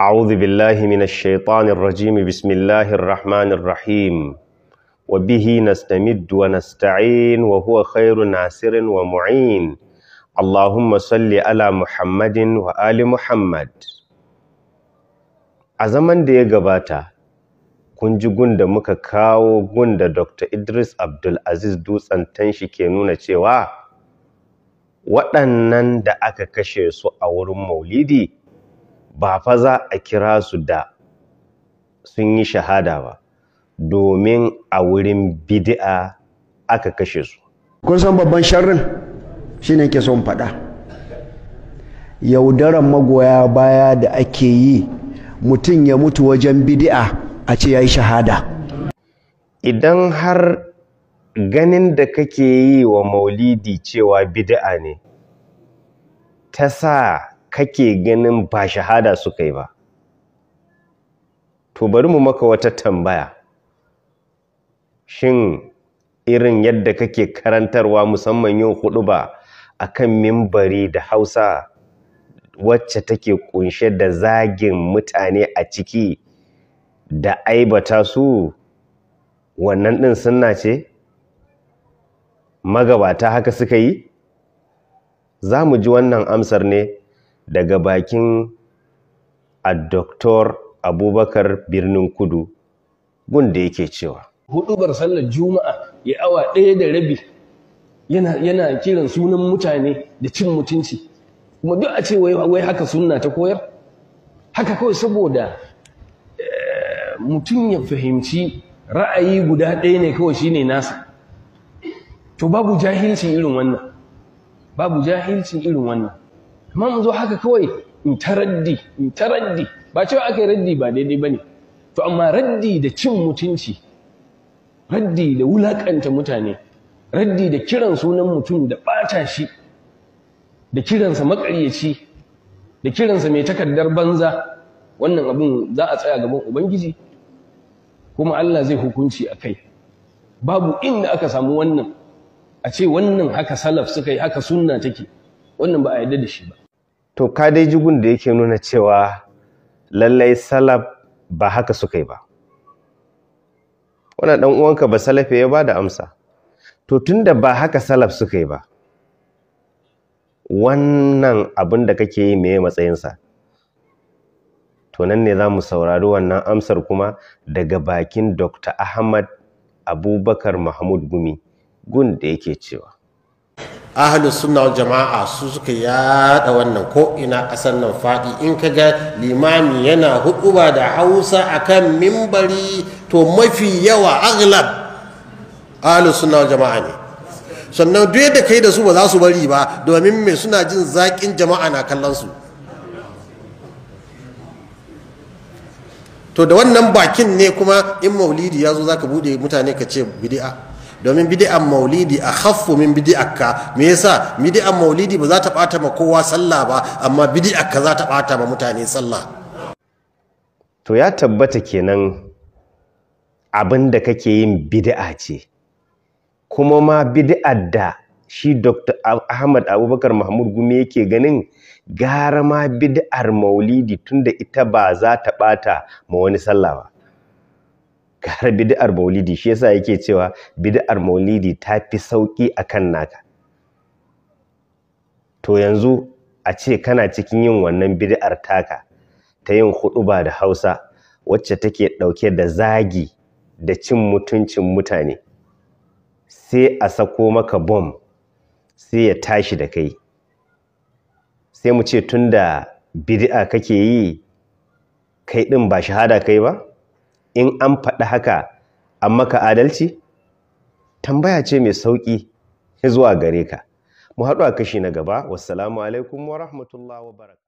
أعوذ بالله من الشيطان الرجيم بسم الله الرحمن الرحيم وبه نستمد ونستعين وهو خير ناصر ومعين اللهم صل على محمد وآل محمد a zaman da ya gabata kun ji gunda muka kawo gunda dr idris abdulaziz dutsen shi ke nuna cewa waɗannan da aka kashe su a wurin maulidi ba fa za a kira su da sun yi shahada ba domin a wurin bidi'a aka kashe su kun san babban sharrin shine ke son faɗa yaudaran magoya baya da ake yi mutum ya mutu wajen bidi'a a ce ya yi shahada idan har ganin da kake yi wa maulidi cewa bidi'a ne ta sa kake ganin ba shahada suka yi ba to bari mu maka wata tambaya shin irin yadda kake karantarwa musamman yau hudu ba a kan mimbari da hausa wacce take kunshe da zagin mutane a ciki da aibata su wannan ɗin sunna ce magabata haka suka yi za mu ji wannan amsar ne daga bakin a addoktor abubakar birnin kudu gunda yake cewa hudubar sallar juma'a ya awa ɗaya da rabi yana kiran sunan mutane da cin mutunci kuma duk a ce wai haka sunna ta koyar haka kawai saboda eh, mutum ya fahimci ra'ayi guda ɗaya ne kawai shine nasa to babu jahilcin irin wannan babu jahilcin irin wannan amma mun zo haka kawai in ta raddi in ta raddi ba cewa aka yi raddi ba daidai ba ne to amma raddi da cin mutunci raddi da wulakanta mutane raddi da kiran sunan mutum da ɓata shi da kiransa maƙaryaci da kiransa mai takardar banza wannan abin za a tsaya gaban ubangiji kuma Allah zai hukunci a kai babu inda aka samu wannan a ce wannan haka salaf suka yi haka sunna take wannan ba a yarda da shi ba to ka dai jigun da yake nuna cewa lallai salaf ba haka suka yi ba wannan dan uwanka ba salafe ya bada amsa to tunda ba haka salaf suka yi ba wannan abin da kake yi meye matsayinsa to nan ne za mu saurari wannan amsar kuma daga bakin dr ahmad abubakar mahmud gumi gun da yake cewa ahalin sunna jama'a su suka yada wannan ko ina kasan nan fadi in ka ga limami yana huduba da hausa akan mimbari to mafi yawa aglab ahalin suna jama'a ne sannan duk da kai da su ba za su bari ba domin mai suna jin zaƙin jama'a na kallon su to da wannan bakin ne kuma in maulidi ya zo za ka buɗe mutane ka ce bidi'a domin bid'an maulidi a khaffu min ka me yasa bidi'ar maulidi ba za ta bata ma kowa sallah ba amma bid'akka za ta bata ma mutane sallah to ya tabbata kenan abin da kake yin bid'a ce kuma ma bid'ar da shi Dr. Ahmad Abubakar Mahmud Gumi yake ganin gara ma bid'ar maulidi tunda ita ba za ta bata ma wani sallah ba gara bid'ar maulidi shi yasa yake cewa bid'ar maulidi ta fi sauƙi a kan naka to yanzu a ce kana cikin yin wannan bid'ar taka ta yin ba da hausa wacce take ɗauke da zagi da cin mutuncin mutane sai a sako maka bom sai ya tashi da kai sai mu ce tunda bid'a kake yi kai ɗin ba shahada kai ba in an faɗi haka an maka adalci tambaya ce mai sauƙi zuwa gare ka mu haɗu a kashi na gaba wassalamu alaikum wa rahmatullahi wa baraka